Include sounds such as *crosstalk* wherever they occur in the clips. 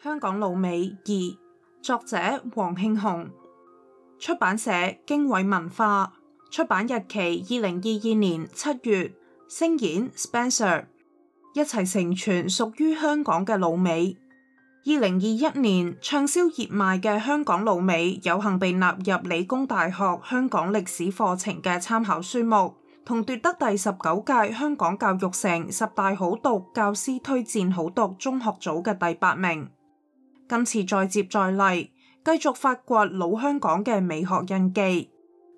香港老美二，作者黃慶雄，出版社經緯文化，出版日期二零二二年七月。聲演 Spencer 一齊承傳屬於香港嘅老美。二零二一年暢銷熱賣嘅《香港老美》有幸被納入理工大學香港歷史課程嘅參考書目，同奪得第十九屆香港教育城十大好讀教師推薦好讀中學組嘅第八名。今次再接再厲，繼續發掘老香港嘅美學印記。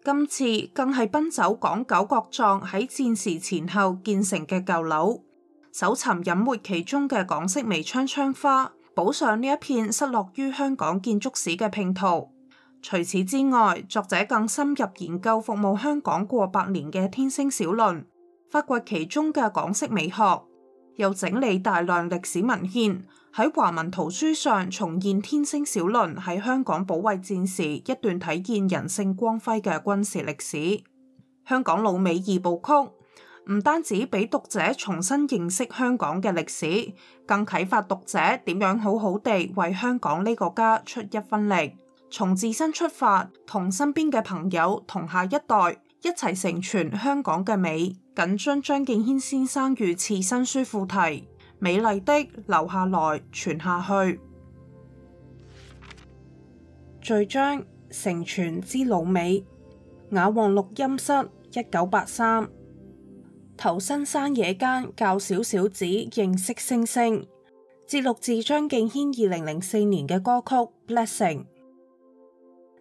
今次更係奔走港九各幢喺戰時前後建成嘅舊樓，搜尋隱沒其中嘅港式楣窗窗花，補上呢一片失落於香港建築史嘅拼圖。除此之外，作者更深入研究服務香港過百年嘅天星小輪，發掘其中嘅港式美學。又整理大量歷史文獻，喺華文圖書上重現天星小輪喺香港保衛戰時一段體現人性光輝嘅軍事歷史。香港老美二部曲唔單止俾讀者重新認識香港嘅歷史，更啟發讀者點樣好好地為香港呢個家出一分力，從自身出發，同身邊嘅朋友，同下一代。一齊承傳香港嘅美，謹遵張敬軒先生御賜新書副題《美麗的，留下來，傳下去》，序章《承傳之老美》，雅旺錄音室，一九八三，投身山野間教小小子認識星星，節錄自張敬軒二零零四年嘅歌曲《Blessing》。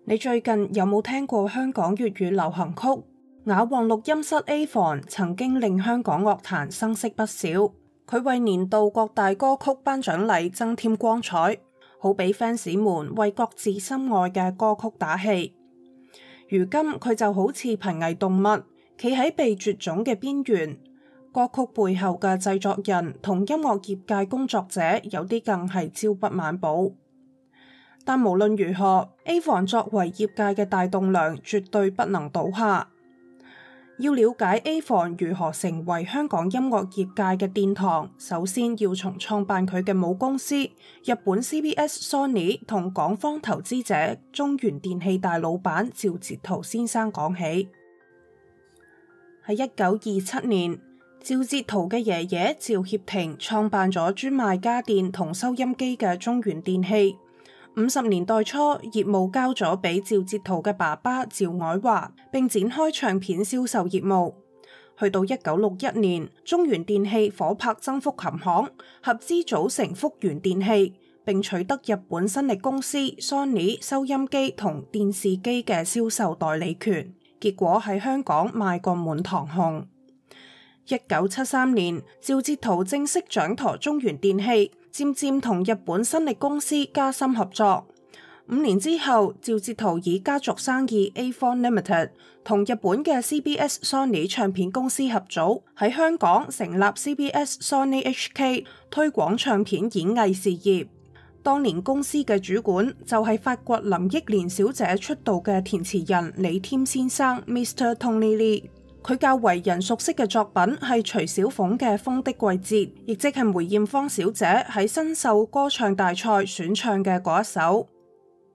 你最近有冇聽過香港粵語流行曲？雅旺錄音室 A 房曾經令香港樂壇生色不少，佢為年度各大歌曲頒獎禮增添光彩，好俾 fans 們為各自心愛嘅歌曲打氣。如今佢就好似瀕危動物，企喺被絕種嘅邊緣。歌曲背後嘅製作人同音樂業界工作者有啲更係朝不晚保，但無論如何，A 房作為業界嘅大棟樑，絕對不能倒下。要了解 Avon 如何成為香港音樂業界嘅殿堂，首先要從創辦佢嘅母公司日本 CBS Sony 同港方投資者中原電器大老闆趙哲圖先生講起。喺一九二七年，趙哲圖嘅爺爺趙協庭創辦咗專賣家電同收音機嘅中原電器。五十年代初，業務交咗俾趙哲圖嘅爸爸趙凱華，並展開唱片銷售業務。去到一九六一年，中原電器夥拍曾福琴行合資組成福原電器，並取得日本新力公司 Sony 收音機同電視機嘅銷售代理權，結果喺香港賣個滿堂紅。一九七三年，趙哲圖正式掌舵中原電器。漸漸同日本新力公司加深合作。五年之後，趙哲圖以家族生意 A4 Limited 同日本嘅 CBS Sony 唱片公司合組喺香港成立 CBS Sony HK，推廣唱片演藝事業。當年公司嘅主管就係法國林憶蓮小姐出道嘅填詞人李添先生 Mr Tony Lee。佢較為人熟悉嘅作品係徐小鳳嘅《風的季節》，亦即係梅艷芳小姐喺新秀歌唱大賽選唱嘅嗰一首。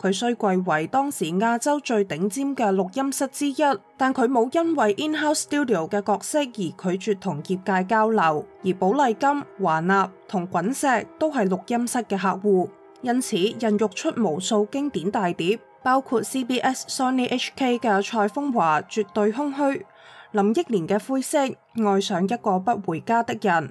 佢雖貴為當時亞洲最頂尖嘅錄音室之一，但佢冇因為 in-house studio 嘅角色而拒絕同業界交流。而寶麗金、華納同滾石都係錄音室嘅客戶，因此孕育出無數經典大碟，包括 CBS、Sony HK 嘅蔡楓華《絕對空虛》，林憶蓮嘅《灰色》，愛上一個不回家的人。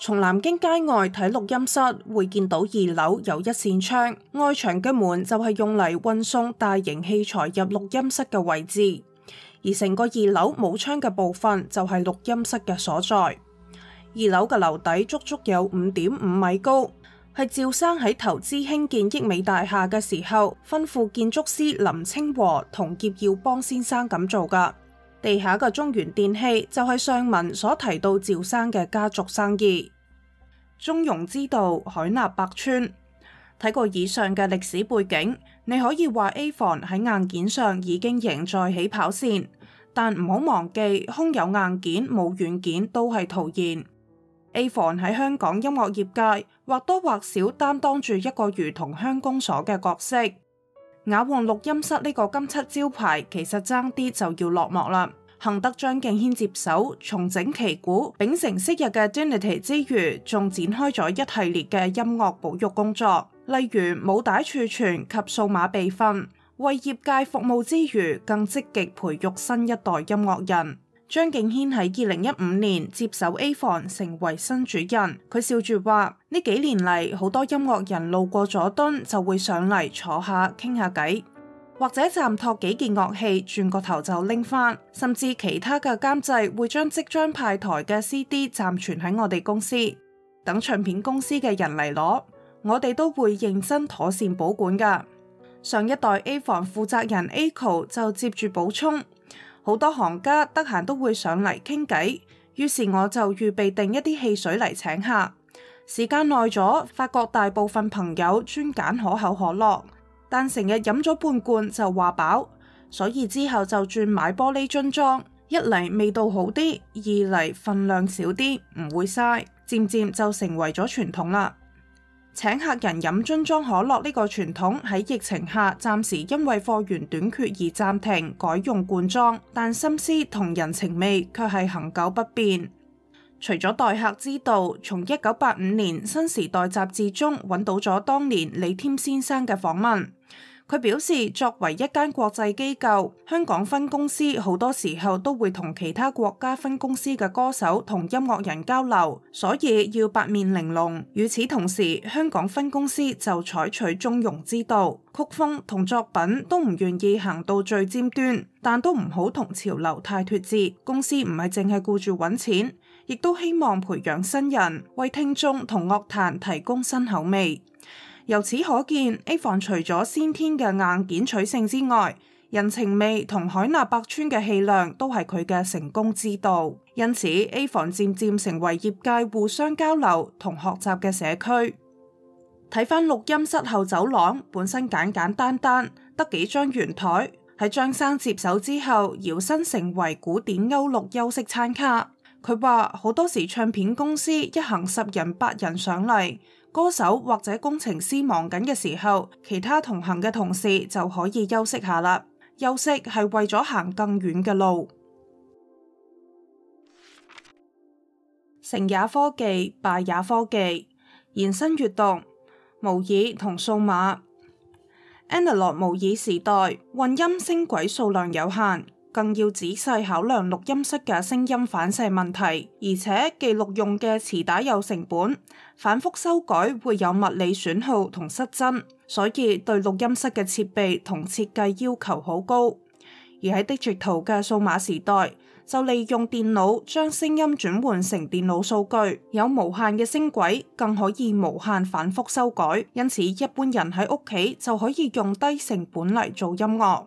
從南京街外睇錄音室，會見到二樓有一扇窗，外牆嘅門就係用嚟運送大型器材入錄音室嘅位置。而成個二樓冇窗嘅部分就係錄音室嘅所在。二樓嘅樓底足足有五點五米高，係趙生喺投資興建億美大廈嘅時候，吩咐建築師林清和同葉耀邦先生咁做㗎。地下嘅中原電器就係上文所提到趙生嘅家族生意。中庸之道，海納百川。睇過以上嘅歷史背景，你可以話 A 房喺硬件上已經贏在起跑線，但唔好忘記空有硬件冇軟件都係徒言。A 房喺香港音樂業界或多或少擔當住一個如同香公所嘅角色。雅旺錄音室呢個金漆招牌，其實爭啲就要落幕啦。幸得張敬軒接手重整旗鼓，秉承昔日嘅 identity 之餘，仲展開咗一系列嘅音樂保育工作，例如母帶儲存及數碼備份，為業界服務之餘，更積極培育新一代音樂人。張敬軒喺二零一五年接手 A 房，成為新主人。佢笑住話：呢幾年嚟，好多音樂人路過佐敦就會上嚟坐下傾下偈，或者暫託幾件樂器，轉個頭就拎返。甚至其他嘅監製會將即將派台嘅 CD 暫存喺我哋公司，等唱片公司嘅人嚟攞，我哋都會認真妥善保管㗎。上一代 A 房負責人 Aco 就接住補充。好多行家得閒都會上嚟傾偈，於是我就預備定一啲汽水嚟請客。時間耐咗，發覺大部分朋友專揀可口可樂，但成日飲咗半罐就話飽，所以之後就轉買玻璃樽裝，一嚟味道好啲，二嚟份量少啲唔會嘥，漸漸就成為咗傳統啦。請客人飲樽裝可樂呢個傳統喺疫情下暫時因為貨源短缺而暫停，改用罐裝，但心思同人情味卻係恆久不變。除咗待客之道，從一九八五年《新時代》雜誌中揾到咗當年李添先生嘅訪問。佢表示，作為一間國際機構，香港分公司好多時候都會同其他國家分公司嘅歌手同音樂人交流，所以要八面玲瓏。與此同時，香港分公司就採取中庸之道，曲風同作品都唔願意行到最尖端，但都唔好同潮流太脫節。公司唔係淨係顧住揾錢，亦都希望培養新人，為聽眾同樂壇提供新口味。由此可見，A 房除咗先天嘅硬件取勝之外，人情味同海納百川嘅氣量都係佢嘅成功之道。因此，A 房漸漸成為業界互相交流同學習嘅社區。睇翻錄音室後走廊，本身簡簡單單，得幾張圓台。喺張生接手之後，搖身成為古典歐陸休息餐卡。佢話好多時唱片公司一行十人八人上嚟。歌手或者工程師忙緊嘅時候，其他同行嘅同事就可以休息下啦。休息係為咗行更遠嘅路。成也科技，敗也科技。延伸閱讀：模擬同數碼。Analog 模擬時代，混音聲軌數量有限。更要仔細考量錄音室嘅聲音反射問題，而且記錄用嘅磁帶有成本，反復修改會有物理損耗同失真，所以對錄音室嘅設備同設計要求好高。而喺 digital 嘅數碼時代，就利用電腦將聲音轉換成電腦數據，有無限嘅聲軌，更可以無限反復修改，因此一般人喺屋企就可以用低成本嚟做音樂。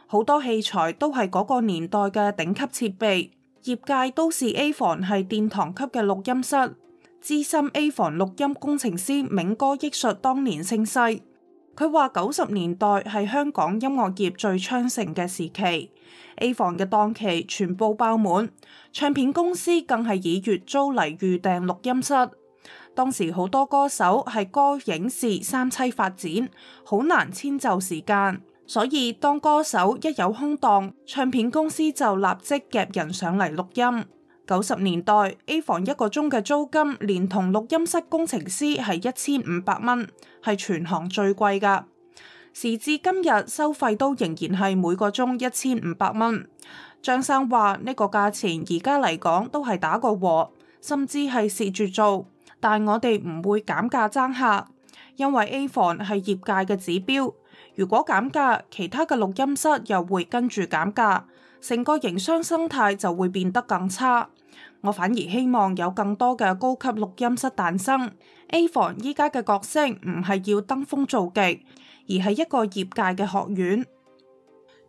好多器材都係嗰個年代嘅頂級設備，業界都視 A 房係殿堂級嘅錄音室。資深 A 房錄音工程師銘哥憶述，當年盛世，佢話九十年代係香港音樂業最昌盛嘅時期，A 房嘅檔期全部爆滿，唱片公司更係以月租嚟預訂錄音室。當時好多歌手係歌、影、視三棲發展，好難遷就時間。所以當歌手一有空檔，唱片公司就立即夾人上嚟錄音。九十年代 A 房一個鐘嘅租金，連同錄音室工程師係一千五百蚊，係全行最貴噶。時至今日，收費都仍然係每個鐘一千五百蚊。張生話呢個價錢而家嚟講都係打個和，甚至係蝕住做。但我哋唔會減價爭客，因為 A 房係業界嘅指標。如果減價，其他嘅錄音室又會跟住減價，成個營商生態就會變得更差。我反而希望有更多嘅高級錄音室誕生。A 房依家嘅角色唔係要登峰造極，而係一個業界嘅學院。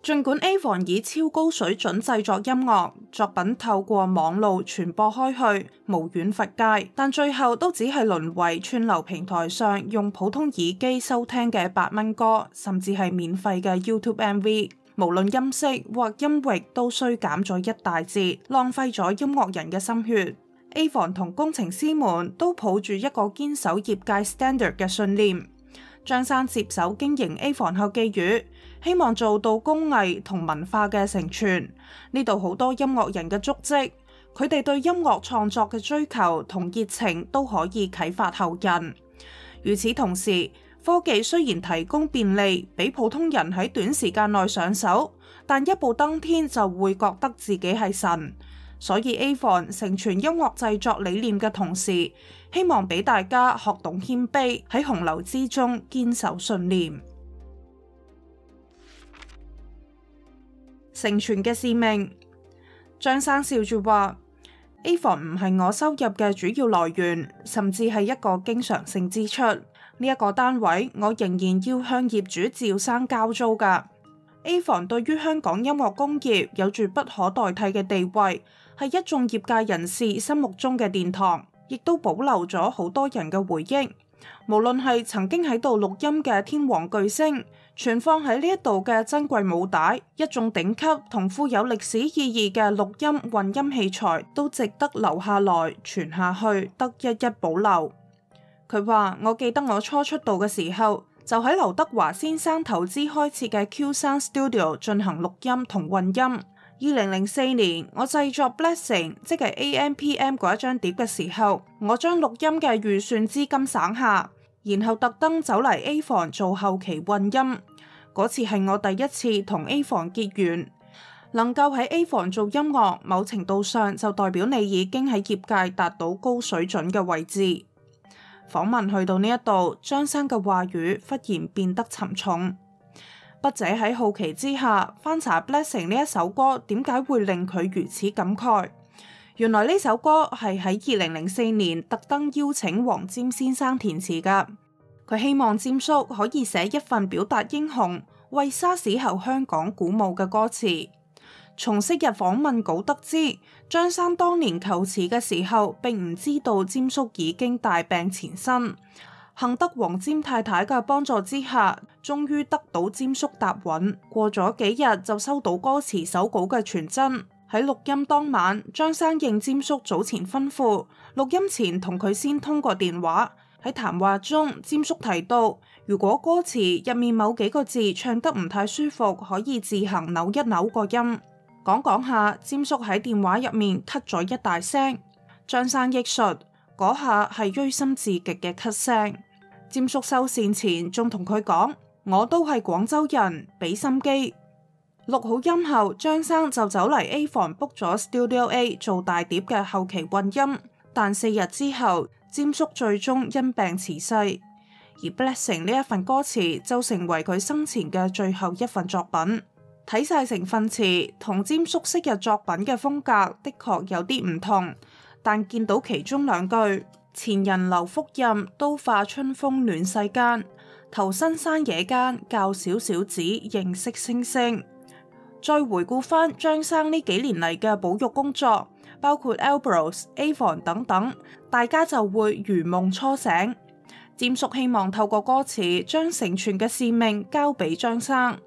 儘管 Avon 以超高水準製作音樂作品，透過網路傳播開去，無遠弗屆，但最後都只係淪為串流平台上用普通耳機收聽嘅八蚊歌，甚至係免費嘅 YouTube MV。無論音色或音域，都衰減咗一大截，浪費咗音樂人嘅心血。Avon 同工程師們都抱住一個堅守業界 standard 嘅信念。張生接手經營 Avon 後寄，寄語，希望做到工藝同文化嘅承傳，呢度好多音樂人嘅足跡，佢哋對音樂創作嘅追求同熱情都可以啟發後人。與此同時，科技雖然提供便利，俾普通人喺短時間內上手，但一步登天就會覺得自己係神。所以 AVON 承傳音樂製作理念嘅同時，希望俾大家學懂謙卑，喺洪流之中堅守信念。成全嘅使命，張生笑住話：A 房唔係我收入嘅主要來源，甚至係一個經常性支出。呢一個單位，我仍然要向業主趙生交租噶。A 房對於香港音樂工業有住不可代替嘅地位，係一眾業界人士心目中嘅殿堂，亦都保留咗好多人嘅回憶。無論係曾經喺度錄音嘅天王巨星，存放喺呢一度嘅珍貴母帶，一種頂級同富有歷史意義嘅錄音混音器材，都值得留下來，傳下去，得一一保留。佢話：我記得我初出道嘅時候，就喺劉德華先生投資開設嘅 Q 三 Studio 進行錄音同混音。二零零四年，我製作《Blessing》，即係 A M P M 嗰一張碟嘅時候，我將錄音嘅預算資金省下，然後特登走嚟 A 房做後期混音。嗰次係我第一次同 A 房結緣，能夠喺 A 房做音樂，某程度上就代表你已經喺業界達到高水準嘅位置。訪問去到呢一度，張生嘅話語忽然變得沉重。筆者喺好奇之下翻查《Blessing》呢一首歌，點解會令佢如此感慨？原來呢首歌係喺二零零四年特登邀請黃霑先生填詞㗎。佢希望霑叔可以寫一份表達英雄為沙士後香港鼓舞嘅歌詞。從昔日訪問稿得知，張生當年求詞嘅時候，並唔知道霑叔已經大病纏身。幸得黃霑太太嘅幫助之下，終於得到霑叔答允。過咗幾日就收到歌詞手稿嘅傳真。喺錄音當晚，張生應霑叔早前吩咐，錄音前同佢先通過電話。喺談話中，詹叔提到，如果歌詞入面某幾個字唱得唔太舒服，可以自行扭一扭個音，講講下，詹叔喺電話入面咳咗一大聲，張生憶述嗰下係錐心至極嘅咳聲。詹叔收線前仲同佢講，我都係廣州人，俾心機。錄好音後，張生就走嚟 A 房 book 咗 Studio A 做大碟嘅後期混音，但四日之後，詹叔最終因病辭世，而《Blessing》呢一份歌詞就成為佢生前嘅最後一份作品。睇晒成分詞，同詹叔昔日作品嘅風格的確有啲唔同，但見到其中兩句，前人留福印，都化春風暖世間；投身山野間，教小小子認識星星。再回顧返張生呢幾年嚟嘅保育工作，包括 Elbros、Avon 等等。大家就會如夢初醒。占叔希望透過歌詞將承傳嘅使命交俾張生。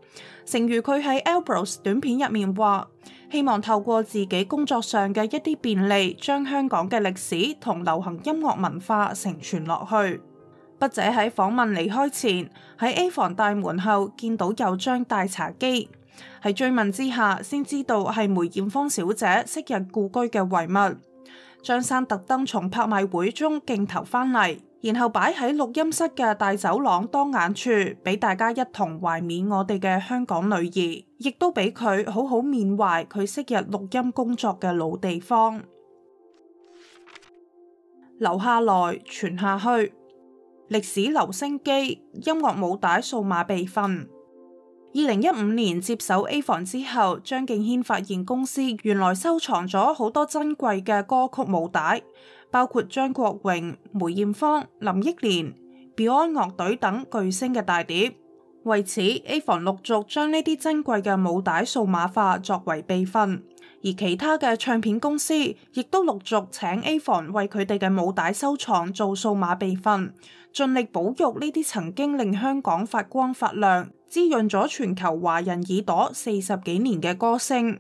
正如佢喺 Elbros 短片入面話，希望透過自己工作上嘅一啲便利，將香港嘅歷史同流行音樂文化承傳落去。筆者喺訪問離開前喺 A 房大門後見到有張大茶幾，喺追問之下先知道係梅艷芳小姐昔日故居嘅遺物。張生特登從拍賣會中競投返嚟，然後擺喺錄音室嘅大走廊當眼處，俾大家一同懷緬我哋嘅香港女兒，亦都俾佢好好緬懷佢昔日錄音工作嘅老地方，留 *noise* 下來傳下去，歷史留聲機，音樂母帶數碼備份。二零一五年接手 A 房之後，張敬軒發現公司原來收藏咗好多珍貴嘅歌曲母帶，包括張國榮、梅艷芳、林憶蓮、Beyond 樂隊等巨星嘅大碟。為此，A 房陸續將呢啲珍貴嘅母帶數碼化，作為備份。而其他嘅唱片公司亦都陸續請 A 房為佢哋嘅舞帶收藏做數碼備份，盡力保育呢啲曾經令香港發光發亮、滋潤咗全球華人耳朵四十幾年嘅歌聲。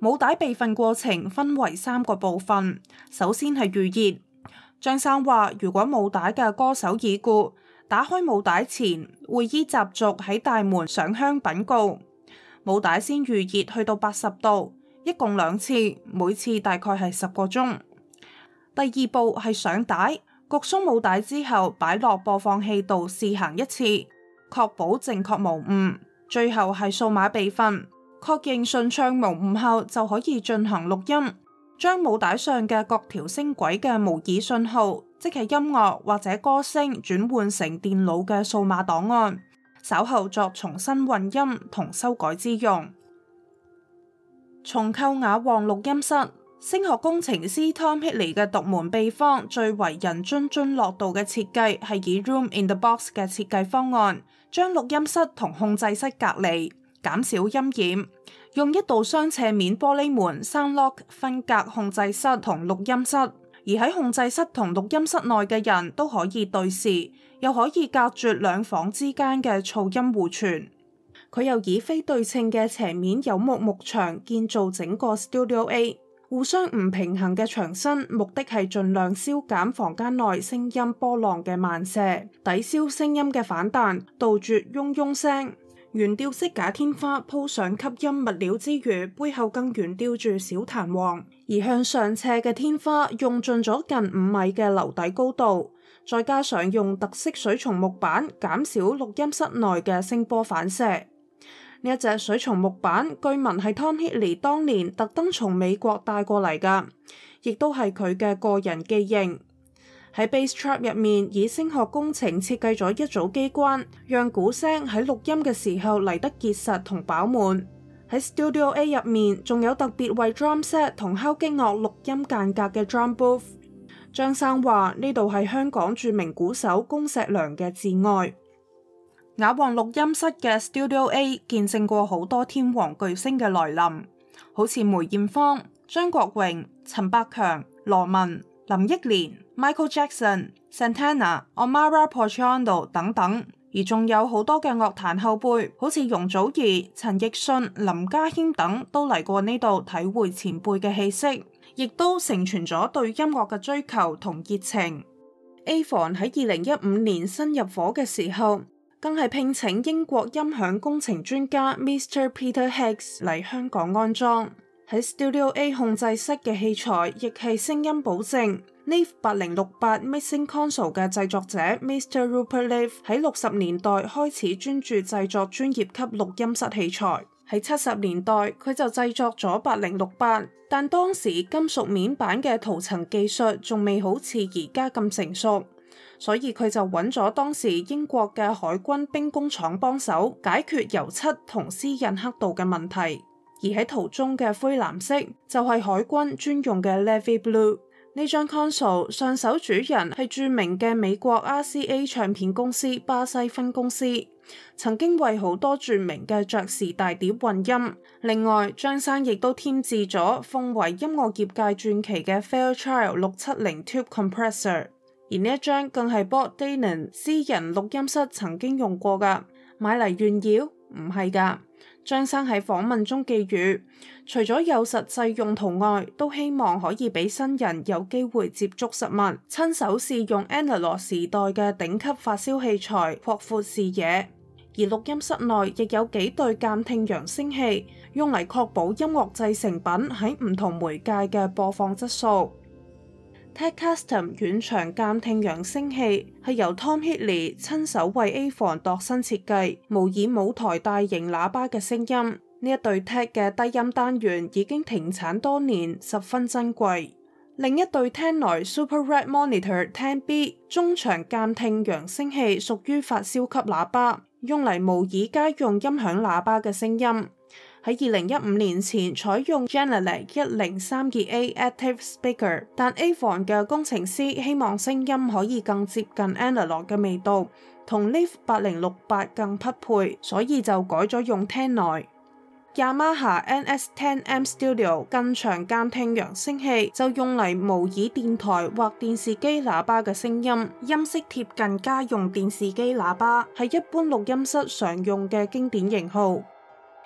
舞帶備份過程分為三個部分，首先係預熱。張生話：如果舞帶嘅歌手已故，打開舞帶前會依習俗喺大門上香稟告，舞帶先預熱去到八十度。一共兩次，每次大概係十個鐘。第二步係上帶，焗鬆母帶之後擺落播放器度試行一次，確保正確無誤。最後係數碼備份，確認順暢無誤後就可以進行錄音，將母帶上嘅各條聲軌嘅模擬訊號，即係音樂或者歌聲轉換成電腦嘅數碼檔案，稍後作重新混音同修改之用。重構雅旺錄音室，聲學工程師 Tom Hilly 嘅獨門秘方，最為人津津樂道嘅設計係以 Room in the Box 嘅設計方案，將錄音室同控制室隔離，減少音染。用一道雙斜面玻璃門 sound lock 分隔控制室同錄音室，而喺控制室同錄音室內嘅人都可以對視，又可以隔絕兩房之間嘅噪音互傳。佢又以非對稱嘅斜面有木幕牆建造整個 Studio A，互相唔平衡嘅牆身，目的係盡量消減房間內聲音波浪嘅漫射，抵消聲音嘅反彈，杜絕嗡嗡聲。懸吊式假天花鋪上吸音物料之餘，背後更懸吊住小彈簧，而向上斜嘅天花用盡咗近五米嘅樓底高度，再加上用特色水松木板，減少錄音室內嘅聲波反射。呢一隻水松木板，據聞係 Tom Hilly 當年特登從美國帶過嚟㗎，亦都係佢嘅個人記認。喺 Bass Trap 入面，以聲學工程設計咗一組機關，讓鼓聲喺錄音嘅時候嚟得結實同飽滿。喺 Studio A 入面，仲有特別為 Drum Set 同敲擊樂錄音間隔嘅 Drum Booth。張生話：呢度係香港著名鼓手恭碩良嘅至愛。雅旺錄音室嘅 Studio A 見證過好多天王巨星嘅來臨，好似梅艷芳、張國榮、陳百強、羅文、林憶蓮、Michael Jackson、Santana、Omara Portuondo 等等，而仲有好多嘅樂壇後輩，好似容祖兒、陳奕迅、林家謙等都嚟過呢度體會前輩嘅氣息，亦都成全咗對音樂嘅追求同熱情。AVON 喺二零一五年新入伙嘅時候。但是平成英國音響工程專家 Mr. Peter Hicks 來香港安裝。在 Studio A 控制式的器材亦是聲音保證。Leave 8068 Mixing Console 的製作者 Mr. Rupert Leave 在60年代開始專注製作專業級録音室器材70年代，他製作了8068，但當時金屬面板的圖層技術還未好像而家更成熟。所以佢就揾咗當時英國嘅海軍兵工廠幫手解決油漆同絲印黑度嘅問題。而喺圖中嘅灰藍色就係海軍專用嘅 Levy Blue。呢張 console 上手主人係著名嘅美國 RCA 唱片公司巴西分公司，曾經為好多著名嘅爵士大碟混音。另外張生亦都添置咗奉為音樂業界傳奇嘅 Fairchild 六七零 Tube Compressor。而呢一張更係 Bob Dylan 私人錄音室曾經用過噶，買嚟炫耀？唔係㗎。張生喺訪問中寄語，除咗有實際用途外，都希望可以俾新人有機會接觸實物，親手試用 Analog 時代嘅頂級發燒器材，擴闊視野。而錄音室內亦有幾對監聽揚聲器，用嚟確保音樂製成品喺唔同媒介嘅播放質素。Tech Custom 遠場監聽揚聲器係由 Tom Hidley 親手為 A 房度身設計，模擬舞台大型喇叭嘅聲音。呢一對 Tech 嘅低音單元已經停產多年，十分珍貴。另一對 Tannoy Super Red Monitor Ten B 中場監聽揚聲器屬於發燒級喇叭，用嚟模擬家用音響喇叭嘅聲音。喺二零一五年前採用 Genelec 一零三二 A Active Speaker，但 A 房嘅工程師希望聲音可以更接近 Analog 嘅味道，同 Live 八零六八更匹配，所以就改咗用 Ten 內 Yamaha NS Ten M Studio 近場監聽揚聲器，就用嚟模擬電台或電視機喇叭嘅聲音，音色貼近家用電視機喇叭，係一般錄音室常用嘅經典型號。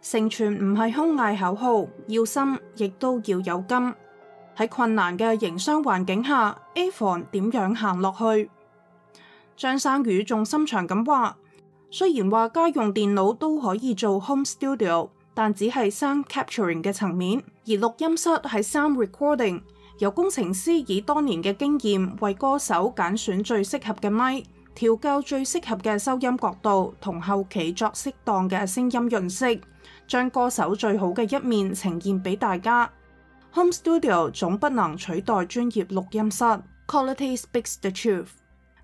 成全唔係空嗌口號，要心亦都要有金。喺困難嘅營商環境下，Avon 點樣行落去？張生語重心長咁話：雖然話家用電腦都可以做 home studio，但只係 sound capturing 嘅層面，而錄音室係 sound recording，由工程師以多年嘅經驗為歌手揀選最適合嘅咪，調校最適合嘅收音角度，同後期作適當嘅聲音潤色。將歌手最好嘅一面呈現俾大家。Home studio 總不能取代專業錄音室，quality speaks the truth。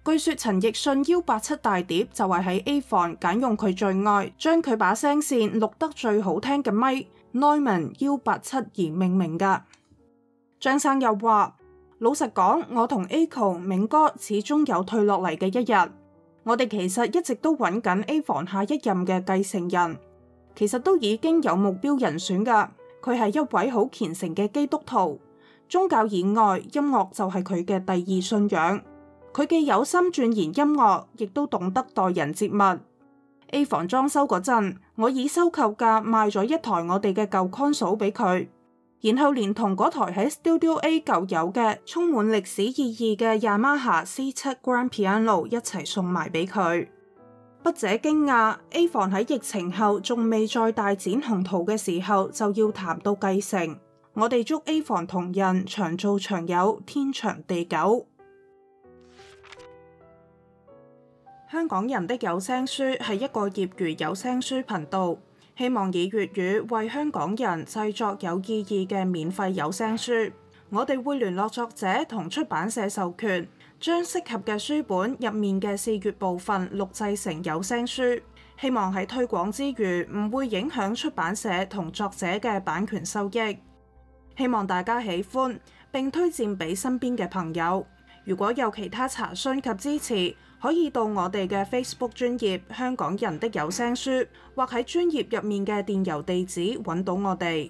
據說陳奕迅 U 八七大碟就係、是、喺 A 房揀用佢最愛，將佢把聲線錄得最好聽嘅咪，Neumann U 八七而命名嘅。張生又話：老實講，我同 A o 明哥始終有退落嚟嘅一日。我哋其實一直都揾緊 A 房下一任嘅繼承人。其實都已經有目標人選㗎，佢係一位好虔誠嘅基督徒，宗教以外音樂就係佢嘅第二信仰。佢既有心鑽研音樂，亦都懂得待人接物。A 房裝修嗰陣，我以收購價賣咗一台我哋嘅舊 console 俾佢，然後連同嗰台喺 Studio A 舊有嘅充滿歷史意義嘅 Yamaha C7 Grand Piano 一齊送埋俾佢。筆者驚訝，A 房喺疫情後仲未再大展宏圖嘅時候，就要談到繼承。我哋祝 A 房同仁長做長有，天長地久。香港人的有聲書係一個業餘有聲書頻道，希望以粵語為香港人製作有意義嘅免費有聲書。我哋會聯絡作者同出版社授權。將適合嘅書本入面嘅節錄部分錄製成有聲書，希望喺推廣之餘唔會影響出版社同作者嘅版權收益。希望大家喜歡，並推薦俾身邊嘅朋友。如果有其他查詢及支持，可以到我哋嘅 Facebook 專頁《香港人的有聲書》或喺專頁入面嘅電郵地址揾到我哋。